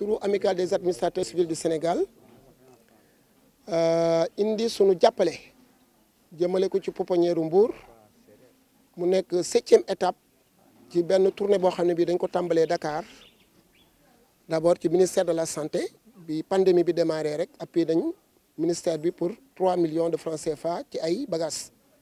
Nous sommes venus des administrateurs civils du Sénégal euh, indi ko ci la septième étape de tournée tourner Dakar d'abord le ministère de la santé la pandémie a démarré rek ministère pour 3 millions de francs CFA ci ay bagages.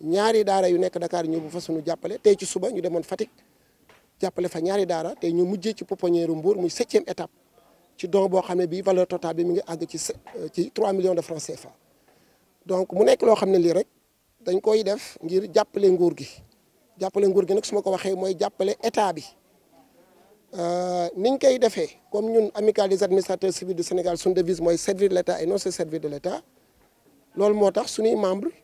ñaari daara yu nekk Dakar ñëw bu fa suñu jàppale tey ci suba ñu demoon Fatick jàppale fa ñaari daara tey ñu mujjee ci pouponnière mbuur muy septième étape ci don boo xam ne bii valeur totale bi mi ngi àgg ci euh, ci 3 millions de francs CFA. donc mu nekk loo xam ne lii rek dañ koy def ngir jàppale nguur gi jàppale nguur gi nag su ma ko waxee mooy jàppale état bi euh, niñ koy defee comme ñun amicale des administrateurs civils du Sénégal suñu devise mooy servir l' état de l' état loolu moo tax suñuy membres.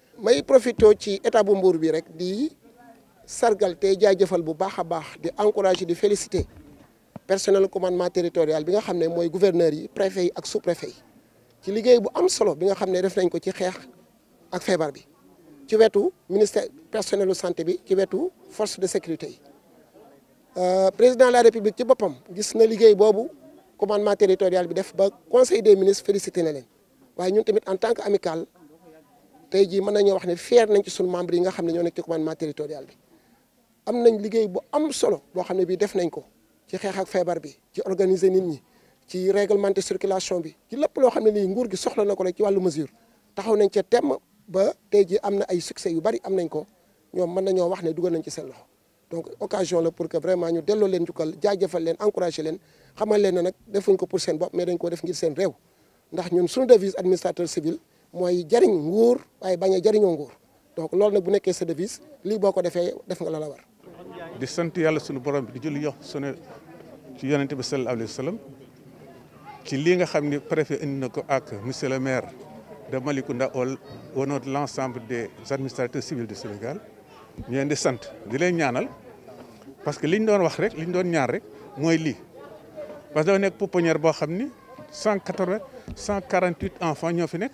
may profité ci état bu Mbour bi rek di sargal té de bu baax baax di encourager di féliciter personnel commandement territorial bi nga xamné moy gouverneur yi préfet yi ak sous préfet yi ci liggéey bu am solo bi nga xamné def nañ ko ci xeex ak fébar bi ci wetu ministère personnel de santé bi ci wetu force de sécurité yi euh, président de la république ci bopam gis na liggéey bobu commandement territorial bi def ba conseil des ministres félicité na leen waaye ñun tamit en tant que tey jii mën nañoo wax ne fier nañ ci sun membre yi nga xamne ñoo nek ci commandement territorial bi am nañ liggey bu am solo bo xamne bi def nañ ko ci xex ak febar bi ci organiser nit ñi ci réglementer circulation bi ci lépp lo xamne ni nguur gi soxla nako rek ci walu mesure taxaw nañ ci tem ba tey jii am ay succès yu bari am nañ ko ñom man nañoo wax ne duggal nañ ci seen loxo donc occasion la pour que vraiment ñu delloo leen jukkal jaajeufal leen encourager leen xamal leen nak defuñ ko pour sen bop mais dañ ko def ngir sen rew ndax ñun suñu devise administrateur civil moy jariñ nguur waaye baña a nguur donc lool nak bu nekké sa devise li boko defé def nga la war di sant yalla suñu borom bi di jël yox suñu ci yonente bi sallallahu alayhi wasallam ci li nga xamni préfet indi nako ak monsieur le maire de Malicounda au nom de l' des administrateurs civils du Sénégal ñu indi di sant di lay ñaanal parce que liñ doon wax rek liñ doon ñaar rek moy li parce que dafa nekk pouponnière bo xamni 180 148 enfants ñofi nekk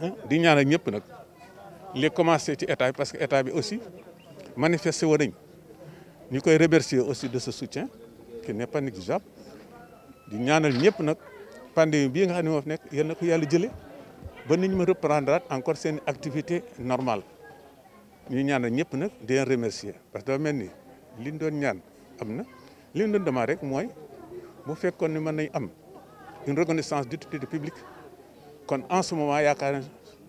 Hein? di ñaan ak ñëpp nag li commencé parce que état aussi manifesté remercier aussi de ce soutien qui n'est pas négligeable di ñaanal ñëpp nag pandémie bii nga xam ne moo fi nekk encore seen activité normale ñu ñaanal ñëpp di remercier parce que dafa mel doon ñaan une reconnaissance du publique kon en ce moment yaakaar na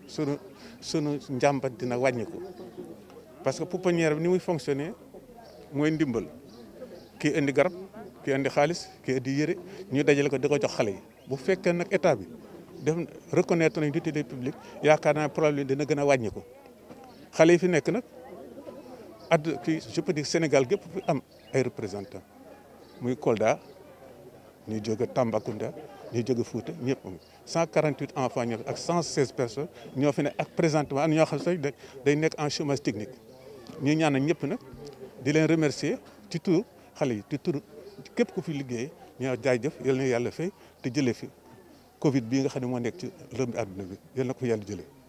sunu sunu njàmbat dina wàññiku parce que pouponnière bi ni muy fonctionner mooy ndimbal kii indi garab kii indi xaalis kii indi yére ñu dajale ko di ko jox xale yi bu fekkee nag état bi def reconnaître nañ l'utilité publique yaakaar naa problème dina gën a wàññiku xale yi fi nekk nag at fii je peux dire Sénégal gépp fi am ay représentants muy Kolda ni joge Tambacounda ni joge Fouta ñëpp 148 enfants ñoo ak 116 personnes ñoo fi ak présentement ñoo xam sax day nekk en chômage technique ñu ñaanal ñëpp nak di leen remercier ci tur xalé yi ci tur képp ku fi liggéey ñoo jaay jëf yalla yàlla fay te jëlee fi Covid bi nga xamné mo moo nekk ci lëmb aduna bi yalla na ko fi yàlla